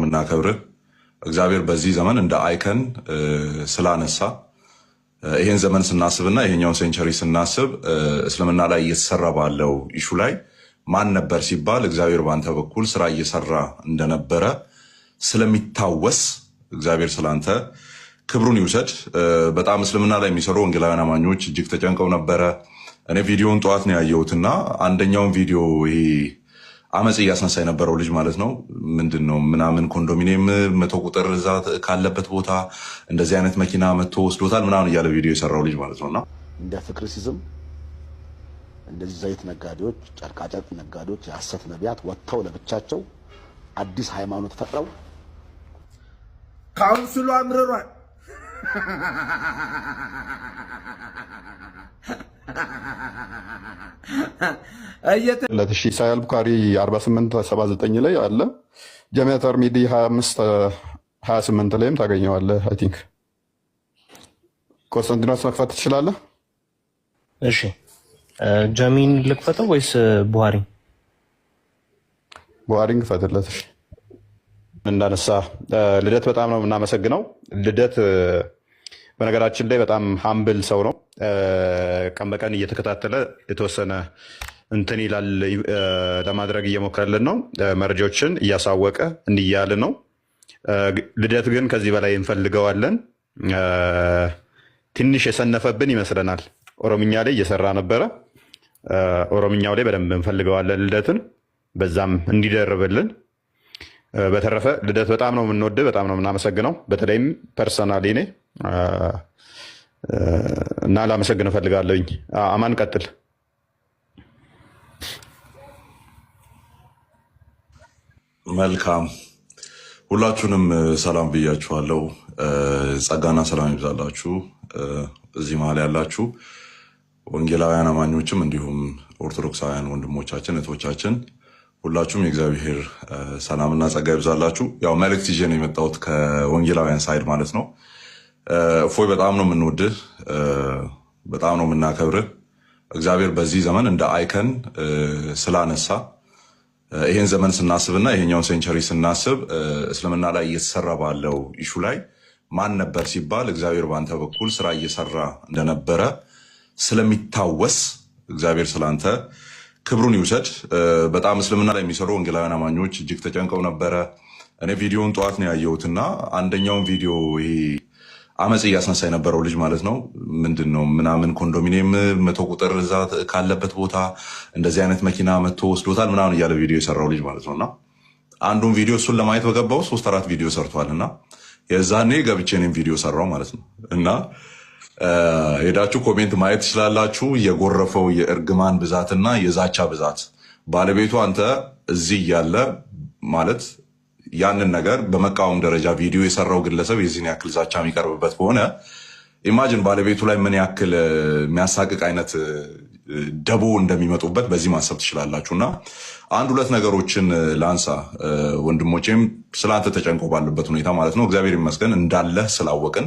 የምናከብርህ። እግዚአብሔር በዚህ ዘመን እንደ አይከን ስላነሳ ይሄን ዘመን ስናስብና ይሄኛውን ሴንቸሪ ስናስብ እስልምና ላይ እየተሰራ ባለው ኢሹ ላይ ማን ነበር ሲባል እግዚአብሔር በአንተ በኩል ስራ እየሰራ እንደነበረ ስለሚታወስ እግዚአብሔር ስላንተ ክብሩን ይውሰድ። በጣም እስልምና ላይ የሚሰሩ ወንጌላውያን አማኞች እጅግ ተጨንቀው ነበረ። እኔ ቪዲዮውን ጠዋት ነው ያየሁትና አንደኛውን ቪዲዮ ይሄ አመፅ እያስነሳ የነበረው ልጅ ማለት ነው። ምንድን ነው ምናምን ኮንዶሚኒየም መቶ ቁጥር እዛ ካለበት ቦታ እንደዚህ አይነት መኪና መቶ ወስዶታል ምናምን እያለ ቪዲዮ የሰራው ልጅ ማለት ነውና እንደ ፍቅር ሲዝም እንደዚህ ዘይት ነጋዴዎች፣ ጨርቃጨርቅ ነጋዴዎች፣ የሐሰት ነቢያት ወጥተው ለብቻቸው አዲስ ሃይማኖት ፈጥረው ካውንስሉ አምርሯል። ሳሂህ ቡካሪ 4879 ላይ አለ። ጀሚያ ተርሚዲ 2528 ላይም ታገኘዋለህ። አይ ቲንክ ኮንስታንቲኖስ መክፈት ትችላለህ። እሺ ጀሚን ልክፈተው ወይስ ቡሃሪ? ቡሃሪን ክፈትለት። እንዳነሳ ልደት በጣም ነው የምናመሰግነው ልደት በነገራችን ላይ በጣም ሀምብል ሰው ነው። ቀን በቀን እየተከታተለ የተወሰነ እንትን ይላል ለማድረግ እየሞከረልን ነው። መረጃዎችን እያሳወቀ እንዲያል ነው። ልደት ግን ከዚህ በላይ እንፈልገዋለን። ትንሽ የሰነፈብን ይመስለናል። ኦሮምኛ ላይ እየሰራ ነበረ። ኦሮምኛው ላይ በደንብ እንፈልገዋለን ልደትን፣ በዛም እንዲደርብልን። በተረፈ ልደት በጣም ነው የምንወድ፣ በጣም ነው የምናመሰግነው። በተለይም ፐርሰናል ኔ እና ላመሰግን እፈልጋለሁኝ። አማን ቀጥል። መልካም ሁላችሁንም ሰላም ብያችኋለሁ። ጸጋና ሰላም ይብዛላችሁ። እዚህ መሀል ያላችሁ ወንጌላውያን አማኞችም እንዲሁም ኦርቶዶክሳውያን ወንድሞቻችን እህቶቻችን ሁላችሁም የእግዚአብሔር ሰላምና ጸጋ ይብዛላችሁ። ያው መልእክት ይዤ ነው የመጣሁት ከወንጌላውያን ሳይድ ማለት ነው። እፎይ በጣም ነው የምንወድህ፣ በጣም ነው የምናከብርህ። እግዚአብሔር በዚህ ዘመን እንደ አይከን ስላነሳ ይሄን ዘመን ስናስብና ይሄኛውን ሴንቸሪ ስናስብ እስልምና ላይ እየተሰራ ባለው ኢሹ ላይ ማን ነበር ሲባል እግዚአብሔር በአንተ በኩል ስራ እየሰራ እንደነበረ ስለሚታወስ እግዚአብሔር ስላንተ ክብሩን ይውሰድ። በጣም እስልምና ላይ የሚሰሩ ወንጌላውያን አማኞች እጅግ ተጨንቀው ነበረ። እኔ ቪዲዮውን ጠዋት ነው ያየሁትና አንደኛውን ቪዲዮ ይሄ አመፅ እያስነሳ የነበረው ልጅ ማለት ነው። ምንድን ነው ምናምን ኮንዶሚኒየም መቶ ቁጥር እዛ ካለበት ቦታ እንደዚህ አይነት መኪና መቶ ወስዶታል ምናምን እያለ ቪዲዮ የሰራው ልጅ ማለት ነው። እና አንዱን ቪዲዮ እሱን ለማየት በገባው ሶስት አራት ቪዲዮ ሰርቷል። እና የዛኔ ገብቼ እኔም ቪዲዮ ሰራው ማለት ነው። እና ሄዳችሁ ኮሜንት ማየት ትችላላችሁ። የጎረፈው የእርግማን ብዛትና የዛቻ ብዛት ባለቤቱ አንተ እዚህ እያለ ማለት ያንን ነገር በመቃወም ደረጃ ቪዲዮ የሰራው ግለሰብ የዚህን ያክል ዛቻ የሚቀርብበት ከሆነ ኢማጅን ባለቤቱ ላይ ምን ያክል የሚያሳቅቅ አይነት ደቦ እንደሚመጡበት በዚህ ማሰብ ትችላላችሁ። እና አንድ ሁለት ነገሮችን ላንሳ ወንድሞቼም ስለአንተ ተጨንቆ ባለበት ሁኔታ ማለት ነው። እግዚአብሔር ይመስገን እንዳለህ ስላወቅን፣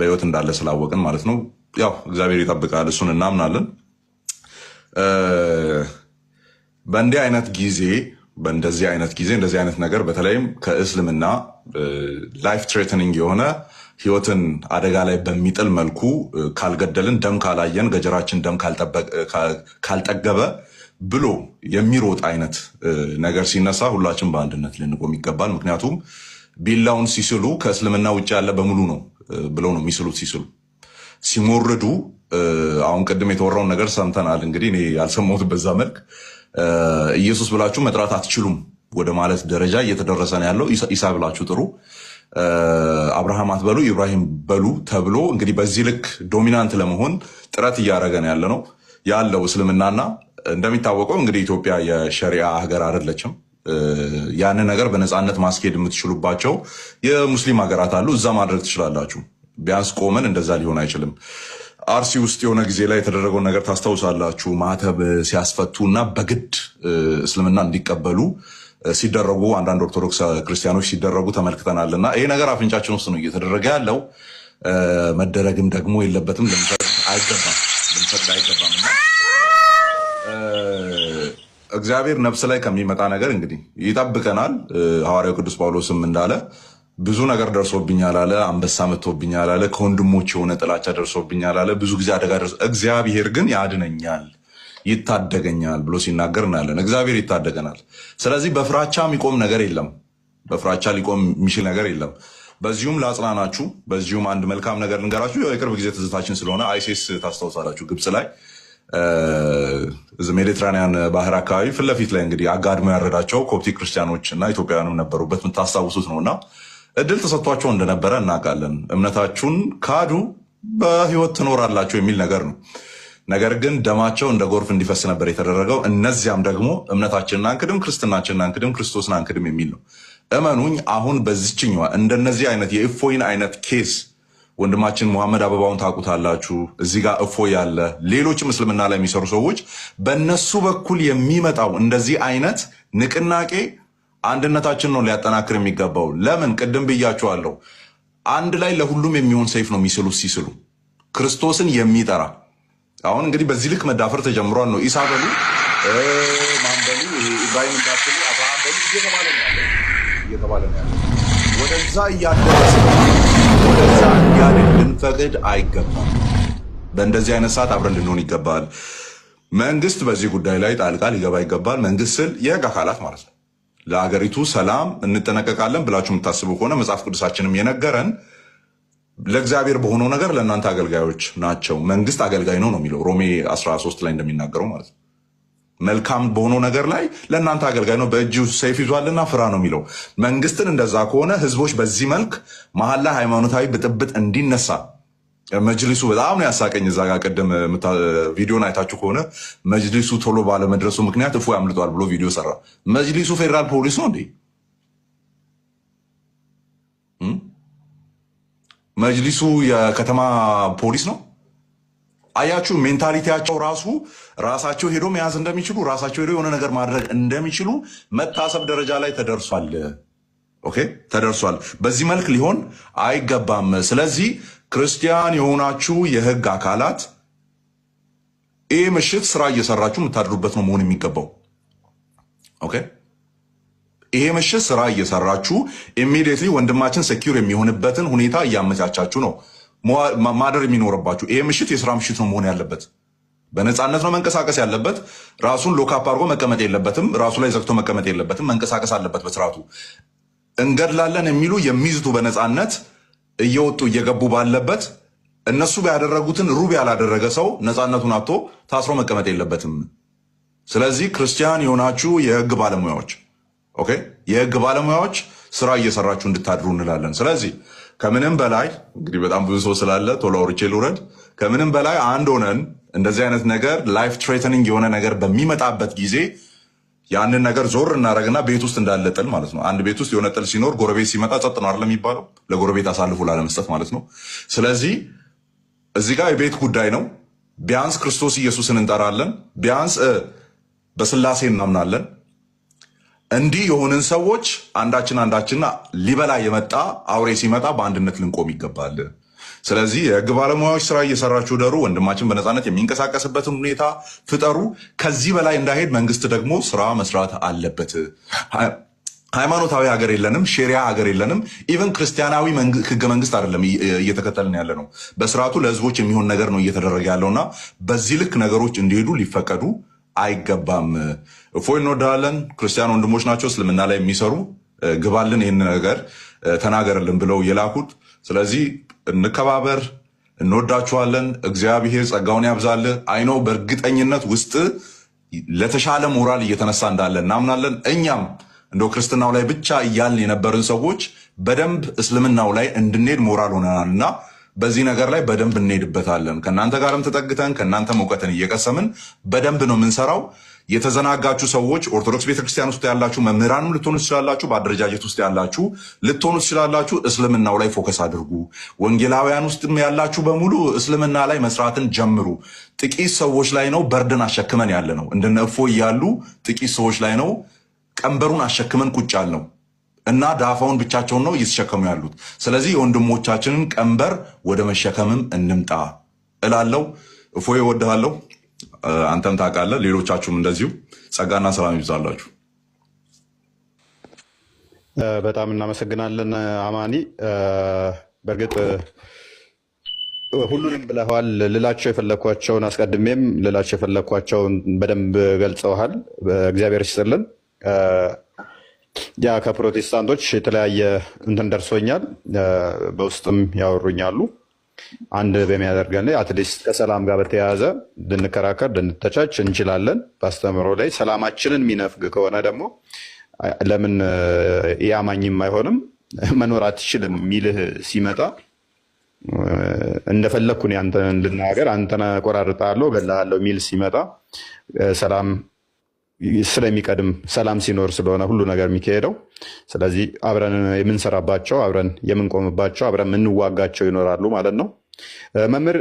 በህይወት እንዳለህ ስላወቅን ማለት ነው። ያው እግዚአብሔር ይጠብቃል፣ እሱን እናምናለን። በእንዲህ አይነት ጊዜ በእንደዚህ አይነት ጊዜ እንደዚህ አይነት ነገር በተለይም ከእስልምና ላይፍ ትሬትኒንግ የሆነ ህይወትን አደጋ ላይ በሚጥል መልኩ ካልገደልን፣ ደም ካላየን፣ ገጀራችን ደም ካልጠገበ ብሎ የሚሮጥ አይነት ነገር ሲነሳ ሁላችን በአንድነት ልንቆም ይገባል። ምክንያቱም ቢላውን ሲስሉ ከእስልምና ውጭ ያለ በሙሉ ነው ብለው ነው የሚስሉት። ሲስሉ ሲሞርዱ፣ አሁን ቅድም የተወራውን ነገር ሰምተናል። እንግዲህ እኔ ያልሰማሁት በዛ መልክ ኢየሱስ ብላችሁ መጥራት አትችሉም ወደ ማለት ደረጃ እየተደረሰ ነው ያለው። ኢሳ ብላችሁ ጥሩ፣ አብርሃም አትበሉ፣ ኢብራሂም በሉ ተብሎ እንግዲህ በዚህ ልክ ዶሚናንት ለመሆን ጥረት እያደረገ ነው ያለ ነው ያለው እስልምናና እንደሚታወቀው እንግዲህ ኢትዮጵያ የሸሪያ ሀገር አይደለችም። ያንን ነገር በነፃነት ማስኬድ የምትችሉባቸው የሙስሊም ሀገራት አሉ። እዛ ማድረግ ትችላላችሁ። ቢያንስ ቆመን እንደዛ ሊሆን አይችልም። አርሲ ውስጥ የሆነ ጊዜ ላይ የተደረገውን ነገር ታስታውሳላችሁ። ማተብ ሲያስፈቱ እና በግድ እስልምና እንዲቀበሉ ሲደረጉ አንዳንድ ኦርቶዶክስ ክርስቲያኖች ሲደረጉ ተመልክተናል እና ይሄ ነገር አፍንጫችን ውስጥ ነው እየተደረገ ያለው። መደረግም ደግሞ የለበትም፣ ልንፈቅድ አይገባም እግዚአብሔር ነፍስ ላይ ከሚመጣ ነገር እንግዲህ ይጠብቀናል። ሐዋርያው ቅዱስ ጳውሎስም እንዳለ ብዙ ነገር ደርሶብኛል አለ። አንበሳ መጥቶብኛል አለ። ከወንድሞች የሆነ ጥላቻ ደርሶብኛል አለ። ብዙ ጊዜ አደጋ ደርሶ እግዚአብሔር ግን ያድነኛል ይታደገኛል ብሎ ሲናገር እናያለን። እግዚአብሔር ይታደገናል። ስለዚህ በፍራቻ የሚቆም ነገር የለም። በፍራቻ ሊቆም የሚችል ነገር የለም። በዚሁም ላጽናናችሁ፣ በዚሁም አንድ መልካም ነገር ልንገራችሁ። የቅርብ ጊዜ ትዝታችን ስለሆነ አይሴስ ታስታውሳላችሁ። ግብፅ ላይ ሜዲትራኒያን ባህር አካባቢ ፊት ለፊት ላይ እንግዲህ አጋድሞ ያረዳቸው ኮፕቲክ ክርስቲያኖች እና ኢትዮጵያውያንም ነበሩበት የምታስታውሱት ነው እና እድል ተሰጥቷቸው እንደነበረ እናውቃለን። እምነታችሁን ካዱ፣ በህይወት ትኖራላችሁ የሚል ነገር ነው። ነገር ግን ደማቸው እንደ ጎርፍ እንዲፈስ ነበር የተደረገው። እነዚያም ደግሞ እምነታችንን አንክድም፣ ክርስትናችንን አንክድም፣ ክርስቶስን አንክድም የሚል ነው። እመኑኝ፣ አሁን በዚችኛዋ እንደነዚህ አይነት የእፎይን አይነት ኬስ ወንድማችን መሐመድ አበባውን ታውቁታላችሁ። እዚህ ጋር እፎ ያለ ሌሎችም እስልምና ላይ የሚሰሩ ሰዎች በእነሱ በኩል የሚመጣው እንደዚህ አይነት ንቅናቄ አንድነታችን ነው ሊያጠናክር የሚገባው። ለምን ቅድም ብያችኋለሁ፣ አንድ ላይ ለሁሉም የሚሆን ሰይፍ ነው የሚስሉ ሲስሉ ክርስቶስን የሚጠራ አሁን እንግዲህ በዚህ ልክ መዳፈር ተጀምሯል። ነው ኢሳ በሉ ማንበሉ ኢብራሂም እንዳትሉ አብርሃም በሉ እየተባለ ያለ እየተባለ ያለ ወደዛ እያደረሰ ወደዛ ልንፈቅድ አይገባም። በእንደዚህ አይነት ሰዓት አብረን ልንሆን ይገባል። መንግስት በዚህ ጉዳይ ላይ ጣልቃ ሊገባ ይገባል። መንግስት ስል የህግ አካላት ማለት ነው። ለአገሪቱ ሰላም እንጠነቀቃለን ብላችሁ የምታስቡ ከሆነ መጽሐፍ ቅዱሳችንም የነገረን ለእግዚአብሔር በሆነው ነገር ለእናንተ አገልጋዮች ናቸው። መንግስት አገልጋይ ነው ነው የሚለው ሮሜ 13 ላይ እንደሚናገረው ማለት ነው። መልካም በሆነው ነገር ላይ ለእናንተ አገልጋይ ነው፣ በእጅ ሰይፍ ይዟልና ፍራ ነው የሚለው መንግስትን። እንደዛ ከሆነ ህዝቦች በዚህ መልክ መሀል ላይ ሃይማኖታዊ ብጥብጥ እንዲነሳ መጅሊሱ በጣም ነው ያሳቀኝ። እዛ ጋር ቀደም ቪዲዮን አይታችሁ ከሆነ መጅሊሱ ቶሎ ባለመድረሱ ምክንያት እፎ ያምልጧል ብሎ ቪዲዮ ሰራ። መጅሊሱ ፌዴራል ፖሊስ ነው እንዴ? መጅሊሱ የከተማ ፖሊስ ነው? አያችሁ፣ ሜንታሊቲያቸው ራሱ ራሳቸው ሄዶ መያዝ እንደሚችሉ ራሳቸው ሄዶ የሆነ ነገር ማድረግ እንደሚችሉ መታሰብ ደረጃ ላይ ተደርሷል። ኦኬ፣ ተደርሷል። በዚህ መልክ ሊሆን አይገባም። ስለዚህ ክርስቲያን የሆናችሁ የህግ አካላት ይህ ምሽት ስራ እየሰራችሁ የምታድሩበት ነው መሆን የሚገባው። ኦኬ ይሄ ምሽት ስራ እየሰራችሁ ኢሚዲየትሊ ወንድማችን ሰኪር የሚሆንበትን ሁኔታ እያመቻቻችሁ ነው ማደር የሚኖርባችሁ። ይሄ ምሽት የስራ ምሽት ነው መሆን ያለበት። በነፃነት ነው መንቀሳቀስ ያለበት። ራሱን ሎካፕ አድርጎ መቀመጥ የለበትም። ራሱ ላይ ዘግቶ መቀመጥ የለበትም። መንቀሳቀስ አለበት በስርዓቱ። እንገድላለን የሚሉ የሚዝቱ በነፃነት እየወጡ እየገቡ ባለበት እነሱ ያደረጉትን ሩብ ያላደረገ ሰው ነፃነቱን አጥቶ ታስሮ መቀመጥ የለበትም። ስለዚህ ክርስቲያን የሆናችሁ የህግ ባለሙያዎች ኦኬ፣ የህግ ባለሙያዎች ስራ እየሰራችሁ እንድታድሩ እንላለን። ስለዚህ ከምንም በላይ እንግዲህ በጣም ብዙ ሰው ስላለ ቶሎ አውርቼ ልውረድ። ከምንም በላይ አንድ ሆነን እንደዚህ አይነት ነገር ላይፍ ትሬተኒንግ የሆነ ነገር በሚመጣበት ጊዜ ያንን ነገር ዞር እናደረግና ቤት ውስጥ እንዳለ ጥል ማለት ነው። አንድ ቤት ውስጥ የሆነ ጥል ሲኖር ጎረቤት ሲመጣ ጸጥ ነው አለ የሚባለው? ለጎረቤት አሳልፎ ላለመስጠት ማለት ነው። ስለዚህ እዚህ ጋር የቤት ጉዳይ ነው። ቢያንስ ክርስቶስ ኢየሱስን እንጠራለን፣ ቢያንስ በስላሴ እናምናለን። እንዲህ የሆንን ሰዎች አንዳችን አንዳችንና ሊበላ የመጣ አውሬ ሲመጣ በአንድነት ልንቆም ይገባል። ስለዚህ የህግ ባለሙያዎች ስራ እየሰራችሁ ደሩ። ወንድማችን በነፃነት የሚንቀሳቀስበትን ሁኔታ ፍጠሩ። ከዚህ በላይ እንዳይሄድ መንግስት ደግሞ ስራ መስራት አለበት። ሃይማኖታዊ ሀገር የለንም፣ ሼሪያ ሀገር የለንም። ኢቨን ክርስቲያናዊ ህገ መንግስት አይደለም እየተከተልን ያለ ነው። በስርዓቱ ለህዝቦች የሚሆን ነገር ነው እየተደረገ ያለውና በዚህ ልክ ነገሮች እንዲሄዱ ሊፈቀዱ አይገባም። እፎይ እንወዳለን። ክርስቲያን ወንድሞች ናቸው እስልምና ላይ የሚሰሩ ግባልን፣ ይህን ነገር ተናገርልን ብለው የላኩት። ስለዚህ እንከባበር፣ እንወዳችኋለን። እግዚአብሔር ጸጋውን ያብዛልህ። አይኖ በእርግጠኝነት ውስጥ ለተሻለ ሞራል እየተነሳ እንዳለ እናምናለን። እኛም እንደ ክርስትናው ላይ ብቻ እያልን የነበርን ሰዎች በደንብ እስልምናው ላይ እንድንሄድ ሞራል ሆነናል እና በዚህ ነገር ላይ በደንብ እንሄድበታለን። ከእናንተ ጋርም ተጠግተን ከእናንተ እውቀትን እየቀሰምን በደንብ ነው የምንሰራው። የተዘናጋችሁ ሰዎች ኦርቶዶክስ ቤተክርስቲያን ውስጥ ያላችሁ መምህራንም ልትሆኑ ትችላላችሁ፣ በአደረጃጀት ውስጥ ያላችሁ ልትሆኑ ትችላላችሁ። እስልምናው ላይ ፎከስ አድርጉ። ወንጌላውያን ውስጥም ያላችሁ በሙሉ እስልምና ላይ መስራትን ጀምሩ። ጥቂት ሰዎች ላይ ነው በርድን አሸክመን ያለ ነው። እንደነ እፎይ ያሉ ጥቂት ሰዎች ላይ ነው ቀንበሩን አሸክመን ቁጭ ያል ነው እና ዳፋውን ብቻቸውን ነው እየተሸከሙ ያሉት። ስለዚህ የወንድሞቻችንን ቀንበር ወደ መሸከምም እንምጣ እላለው። እፎይ እወድሃለሁ። አንተም ታውቃለህ፣ ሌሎቻችሁም እንደዚሁ ጸጋና ሰላም ይብዛላችሁ። በጣም እናመሰግናለን አማኒ። በእርግጥ ሁሉንም ብለዋል። ልላቸው የፈለግኳቸውን አስቀድሜም ልላቸው የፈለግኳቸውን በደንብ ገልጸውሃል። እግዚአብሔር ይስጥልን። ያ ከፕሮቴስታንቶች የተለያየ እንትን ደርሶኛል፣ በውስጥም ያወሩኛሉ አንድ በሚያደርገን ላይ አትሊስት ከሰላም ጋር በተያያዘ ልንከራከር ልንተቻች እንችላለን። በአስተምህሮ ላይ ሰላማችንን የሚነፍግ ከሆነ ደግሞ ለምን ያማኝም አይሆንም መኖር አትችልም የሚልህ ሲመጣ እንደፈለግኩን ያንተን ልናገር አንተን ቆራርጣለሁ ገላለሁ የሚል ሲመጣ ሰላም ስለሚቀድም ሰላም ሲኖር ስለሆነ ሁሉ ነገር የሚካሄደው። ስለዚህ አብረን የምንሰራባቸው አብረን የምንቆምባቸው አብረን የምንዋጋቸው ይኖራሉ ማለት ነው። መምህር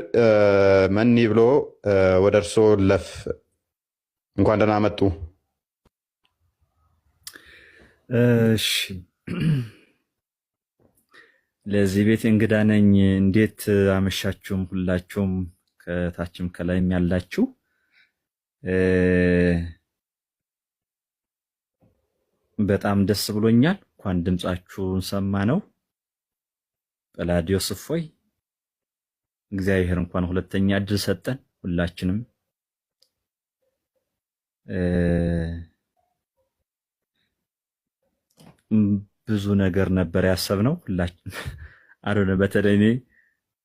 መኒ ብሎ ወደ እርስዎ ለፍ እንኳን ደህና መጡ። ለዚህ ቤት እንግዳ ነኝ። እንዴት አመሻችሁም? ሁላችሁም ከታችም ከላይም ያላችሁ በጣም ደስ ብሎኛል። እንኳን ድምጻችሁን ሰማ ነው። ጵላዲዮስ እፎይ፣ እግዚአብሔር እንኳን ሁለተኛ እድል ሰጠን። ሁላችንም ብዙ ነገር ነበር ያሰብነው። ሁላችን አሮነ በተለይ እኔ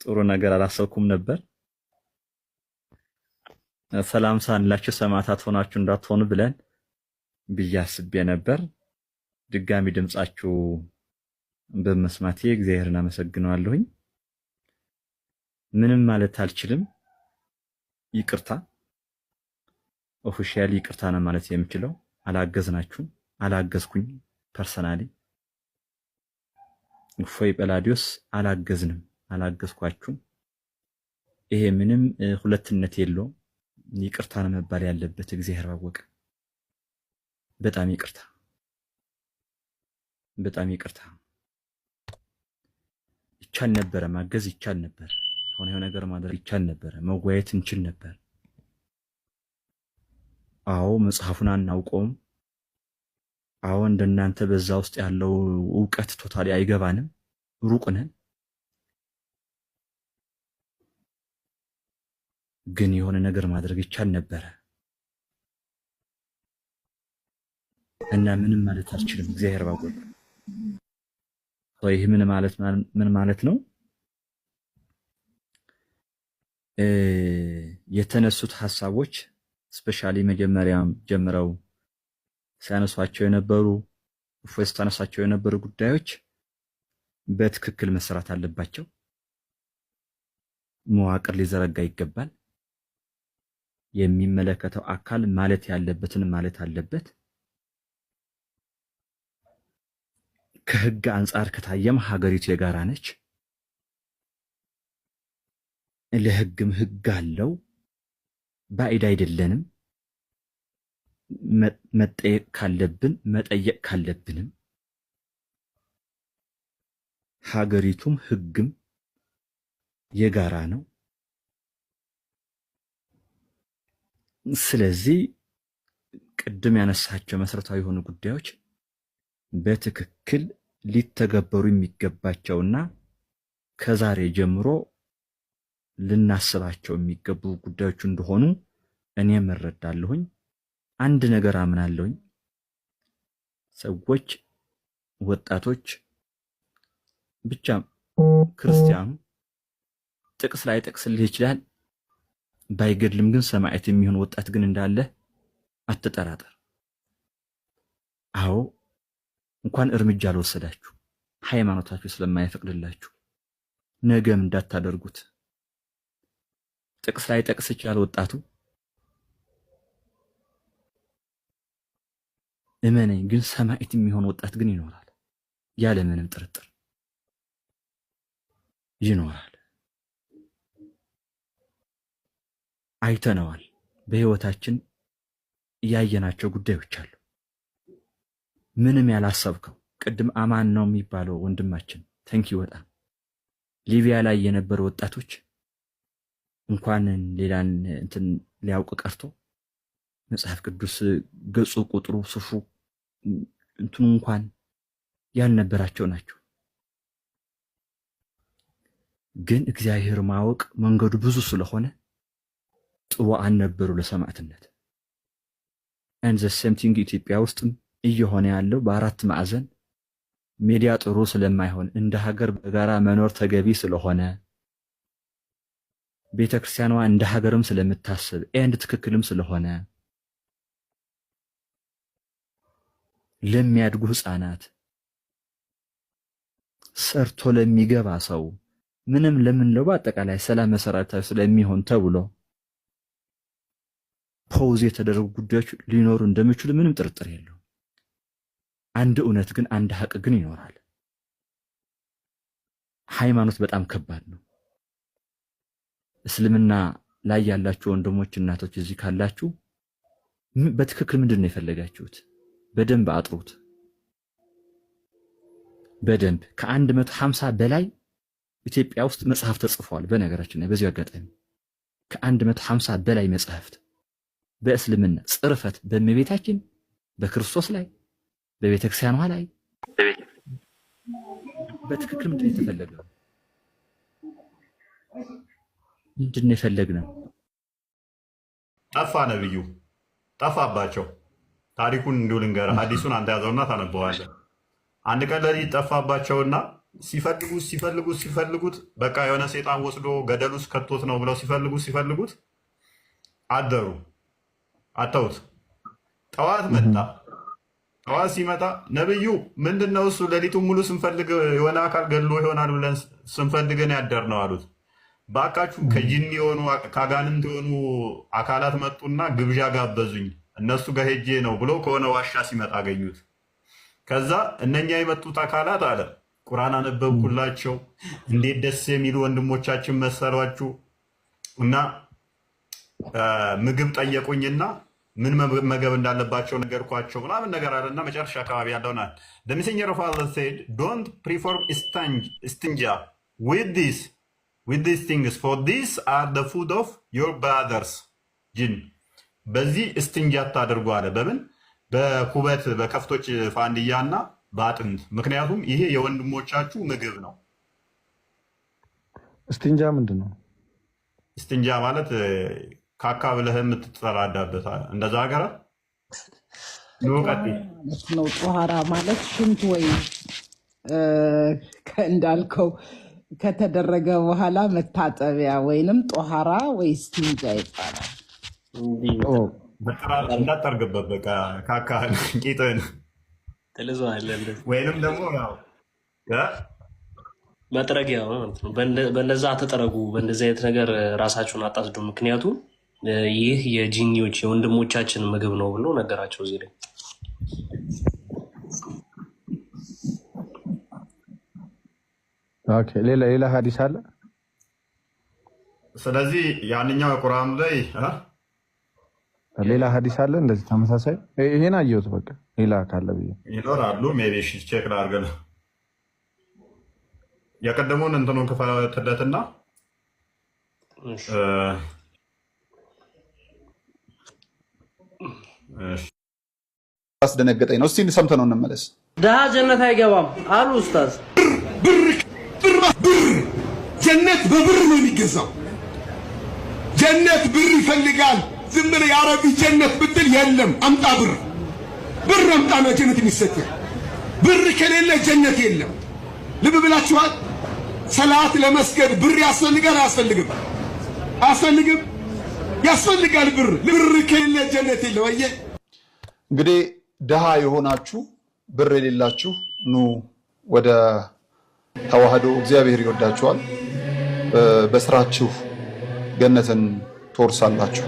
ጥሩ ነገር አላሰብኩም ነበር። ሰላም ሳንላችሁ ሰማዕታት ሆናችሁ እንዳትሆኑ ብለን ብዬ አስቤ ነበር። ድጋሚ ድምፃችሁ በመስማቴ እግዚአብሔርን አመሰግነዋለሁኝ። ምንም ማለት አልችልም። ይቅርታ፣ ኦፊሻሊ ይቅርታ ነው ማለት የምችለው። አላገዝናችሁም፣ አላገዝኩኝ። ፐርሰናሊ እፎይ ጳላዲዮስ አላገዝንም፣ አላገዝኳችሁም። ይሄ ምንም ሁለትነት የለውም። ይቅርታ ነው መባል ያለበት። እግዚአብሔር ባወቀ። በጣም ይቅርታ። በጣም ይቅርታ። ይቻል ነበረ፣ ማገዝ ይቻል ነበር፣ ሆነ ነገር ማድረግ ይቻል ነበረ፣ መወያየት እንችል ነበር። አዎ መጽሐፉን አናውቀውም። አዎ እንደናንተ በዛ ውስጥ ያለው እውቀት ቶታሊ አይገባንም፣ ሩቅ ነን። ግን የሆነ ነገር ማድረግ ይቻል ነበረ እና ምንም ማለት አልችልም። እግዚአብሔር ባጎል ይህ ምን ማለት ምን ማለት ነው? የተነሱት ሀሳቦች ስፔሻሊ መጀመሪያም ጀምረው ሲያነሷቸው የነበሩ እፎይ ስታነሷቸው የነበሩ ጉዳዮች በትክክል መሰራት አለባቸው። መዋቅር ሊዘረጋ ይገባል። የሚመለከተው አካል ማለት ያለበትን ማለት አለበት። ከህግ አንጻር ከታየም ሀገሪቱ የጋራ ነች። ለህግም ህግ አለው። ባዕድ አይደለንም። መጠየቅ ካለብን መጠየቅ ካለብንም ሀገሪቱም ህግም የጋራ ነው። ስለዚህ ቅድም ያነሳቸው መሰረታዊ የሆኑ ጉዳዮች በትክክል ሊተገበሩ የሚገባቸውና ከዛሬ ጀምሮ ልናስባቸው የሚገቡ ጉዳዮች እንደሆኑ እኔ መረዳለሁኝ። አንድ ነገር አምናለሁኝ። ሰዎች፣ ወጣቶች ብቻ ክርስቲያኑ ጥቅስ ላይ ጠቅስልህ ይችላል። ባይገድልም ግን ሰማዕት የሚሆን ወጣት ግን እንዳለ አትጠራጠር። አዎ እንኳን እርምጃ አልወሰዳችሁ ሃይማኖታችሁ ስለማይፈቅድላችሁ ነገም እንዳታደርጉት። ጥቅስ ላይ ጠቅስ ይችላል። ወጣቱ እመነኝ፣ ግን ሰማዕት የሚሆን ወጣት ግን ይኖራል፣ ያለ ምንም ጥርጥር ይኖራል። አይተነዋል። በህይወታችን እያየናቸው ጉዳዮች አሉ። ምንም ያላሰብከው ቅድም አማን ነው የሚባለው ወንድማችን ተንኪ ወጣ ሊቢያ ላይ የነበሩ ወጣቶች እንኳን ሌላን እንትን ሊያውቅ ቀርቶ መጽሐፍ ቅዱስ ገጹ፣ ቁጥሩ፣ ስፉ እንትኑ እንኳን ያልነበራቸው ናቸው። ግን እግዚአብሔር ማወቅ መንገዱ ብዙ ስለሆነ ጥዋ አልነበሩ ለሰማዕትነት። አንድ ዘ ሴም ቲንግ ኢትዮጵያ ውስጥም እየሆነ ያለው በአራት ማዕዘን ሚዲያ ጥሩ ስለማይሆን እንደ ሀገር በጋራ መኖር ተገቢ ስለሆነ ቤተ ክርስቲያኗ እንደ ሀገርም ስለምታስብ ኤንድ ትክክልም ስለሆነ ለሚያድጉ ህፃናት፣ ሰርቶ ለሚገባ ሰው ምንም ለምንለው በአጠቃላይ ሰላም መሰረታዊ ስለሚሆን ተብሎ ፖውዝ የተደረጉ ጉዳዮች ሊኖሩ እንደሚችሉ ምንም ጥርጥር የለው። አንድ እውነት ግን አንድ ሀቅ ግን ይኖራል። ሃይማኖት በጣም ከባድ ነው። እስልምና ላይ ያላችሁ ወንድሞች እናቶች፣ እዚህ ካላችሁ በትክክል ምንድን ነው የፈለጋችሁት? በደንብ አጥሩት። በደንብ ከአንድ መቶ ሀምሳ በላይ ኢትዮጵያ ውስጥ መጽሐፍ ተጽፏል። በነገራችን ላይ በዚሁ አጋጣሚ ከአንድ መቶ ሀምሳ በላይ መጽሐፍት በእስልምና ጽርፈት በእመቤታችን በክርስቶስ ላይ በቤተክርስቲያኗ ላይ በትክክል ምንድን የተፈለገው ምንድን የፈለግነው ጠፋ። ነብዩ ጠፋባቸው። ታሪኩን እንዲሁ ልንገርህ። ሀዲሱን አንተ ያዘውና ታነበዋለህ። አንድ ቀን ለሊት ጠፋባቸውና ሲፈልጉት ሲፈልጉት ሲፈልጉት በቃ የሆነ ሴጣን ወስዶ ገደል ውስጥ ከቶት ነው ብለው ሲፈልጉት ሲፈልጉት አደሩ። አተውት ጠዋት መጣ። ጠዋት ሲመጣ ነብዩ ምንድን ነው እሱ ሌሊቱን ሙሉ ስንፈልግ የሆነ አካል ገሎ ይሆናል ብለን ስንፈልገን ያደር ነው አሉት። በአካችሁ ከጅን የሆኑ ከአጋንንት የሆኑ አካላት መጡና ግብዣ ጋበዙኝ እነሱ ጋር ሄጄ ነው ብሎ ከሆነ ዋሻ ሲመጣ አገኙት። ከዛ እነኛ የመጡት አካላት አለ ቁርአን አነበብኩላቸው። እንዴት ደስ የሚሉ ወንድሞቻችን መሰሏችሁ እና ምግብ ጠየቁኝና ምን መገብ እንዳለባቸው ነገርኳቸው ምናምን ነገር አለና መጨረሻ አካባቢ ያለውናል the messenger of Allah said don't perform istinja with this with these things for ጅን በዚህ እስትንጃ ታደርጉ አለ በምን በኩበት በከፍቶች እና በአጥንት ምክንያቱም ይሄ የወንድሞቻችሁ ምግብ ነው እስtinja ምንድን ነው እስtinja ማለት ካካ ብለህ የምትጠራዳበት እንደዛ ሀገራ ነው። ጦሃራ ማለት ሽንት ወይ እንዳልከው ከተደረገ በኋላ መታጠቢያ ወይንም ጦሃራ ወይ ስቲንጃ ይባላል። እንዳጠርግበት በቃ ካካ ቂጥን ወይንም ደግሞ መጥረጊያ በነዛ ተጠረጉ። በነዚ አይነት ነገር ራሳችሁን አጣስዱ። ምክንያቱም ይህ የጂኒዎች የወንድሞቻችን ምግብ ነው ብሎ ነገራቸው። እዚህ ላይ ሌላ ሌላ ሀዲስ አለ። ስለዚህ ያንኛው ቁርአን ላይ ሌላ ሀዲስ አለ እንደዚህ ተመሳሳይ። ይሄን አየሁት። በቃ ሌላ ካለ ብዬ ይኖራሉ። ሜቢ ቼክ ላድርግ። የቀደመውን እንትኑን ክፍለትለትና አስደነገጠኝ ነው። እስቲ ሰምተ ነው እንመለስ። ድሃ ጀነት አይገባም አሉ ኡስታዝ። ብር ጀነት በብር ነው የሚገዛው። ጀነት ብር ይፈልጋል። ዝም ብለህ የአረቢ ጀነት ብትል የለም፣ አምጣ ብር ብር አምጣ ነው ጀነት የሚሰጥ ብር ከሌለ ጀነት የለም። ልብ ብላችኋል። ሰላት ለመስገድ ብር ያስፈልጋል አያስፈልግም? አያስፈልግም፣ ያስፈልጋል ብር። ብር ከሌለ ጀነት የለም። አየህ እንግዲህ ድሃ የሆናችሁ ብር የሌላችሁ ኑ ወደ ተዋህዶ፣ እግዚአብሔር ይወዳችኋል። በስራችሁ ገነትን ትወርሳላችሁ።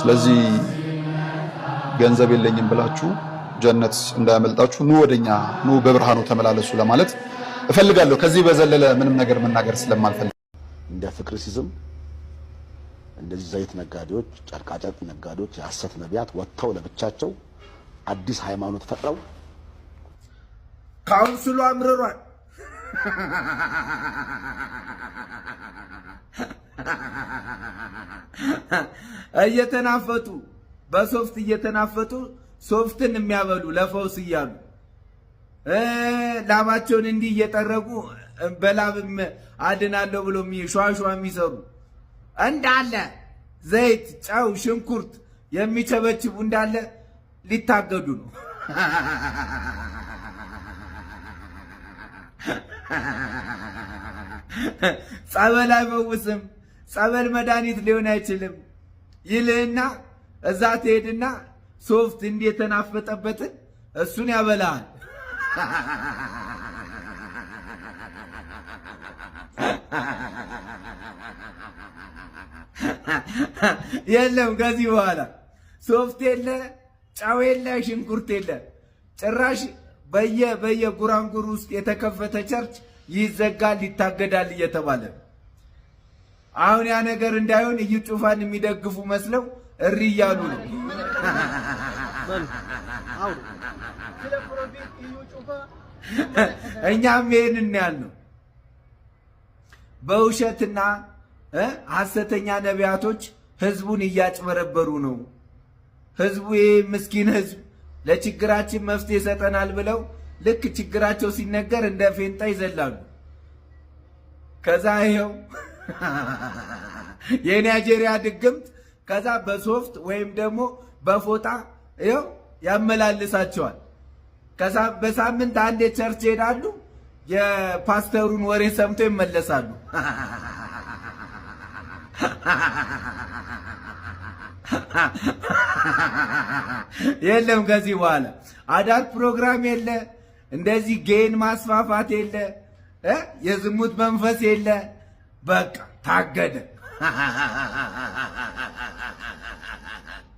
ስለዚህ ገንዘብ የለኝም ብላችሁ ጀነት እንዳያመልጣችሁ፣ ኑ ወደኛ ኑ፣ በብርሃኑ ተመላለሱ ለማለት እፈልጋለሁ። ከዚህ በዘለለ ምንም ነገር መናገር ስለማልፈልግ እንደ ፍቅር ሲዝም እንደዚህ ዘይት ነጋዴዎች፣ ጨርቃጨርቅ ነጋዴዎች፣ የሐሰት ነቢያት ወጥተው ለብቻቸው አዲስ ሃይማኖት ፈጥረው ካውንስሉ አምርሯል። እየተናፈጡ በሶፍት እየተናፈጡ ሶፍትን የሚያበሉ ለፈውስ እያሉ ላባቸውን እንዲህ እየጠረጉ በላብ አድናለሁ ብሎ ሸዋሸዋ የሚሰሩ እንዳለ ዘይት፣ ጨው፣ ሽንኩርት የሚቸበችቡ እንዳለ ሊታገዱ ነው። ጸበል አይፈውስም። ጸበል መድኃኒት ሊሆን አይችልም ይልህና እዛ ትሄድና ሶፍት እንዲህ የተናፈጠበትን እሱን ያበላሃል። የለም ከዚህ በኋላ ሶፍት የለ ጨው የለ ሽንኩርት የለ። ጭራሽ በየ በየጉራንጉር ውስጥ የተከፈተ ቸርች ይዘጋል፣ ይታገዳል እየተባለ አሁን ያ ነገር እንዳይሆን እዩ ጩፋን የሚደግፉ መስለው እሪ እያሉ ነው። እኛም ይሄንን ያልነው በውሸትና ሐሰተኛ ነቢያቶች ህዝቡን እያጭበረበሩ ነው ህዝቡ ይህ ምስኪን ህዝብ ለችግራችን መፍትሄ ይሰጠናል ብለው ልክ ችግራቸው ሲነገር እንደ ፌንጣ ይዘላሉ። ከዛ ይኸው የናይጄሪያ ድግምት ከዛ በሶፍት ወይም ደግሞ በፎጣ ይኸው ያመላልሳቸዋል። ከዛ በሳምንት አንዴ ቸርች ይሄዳሉ። የፓስተሩን ወሬ ሰምቶ ይመለሳሉ። የለም። ከዚህ በኋላ አዳር ፕሮግራም የለ፣ እንደዚህ ጌን ማስፋፋት የለ፣ የዝሙት መንፈስ የለ። በቃ ታገደ።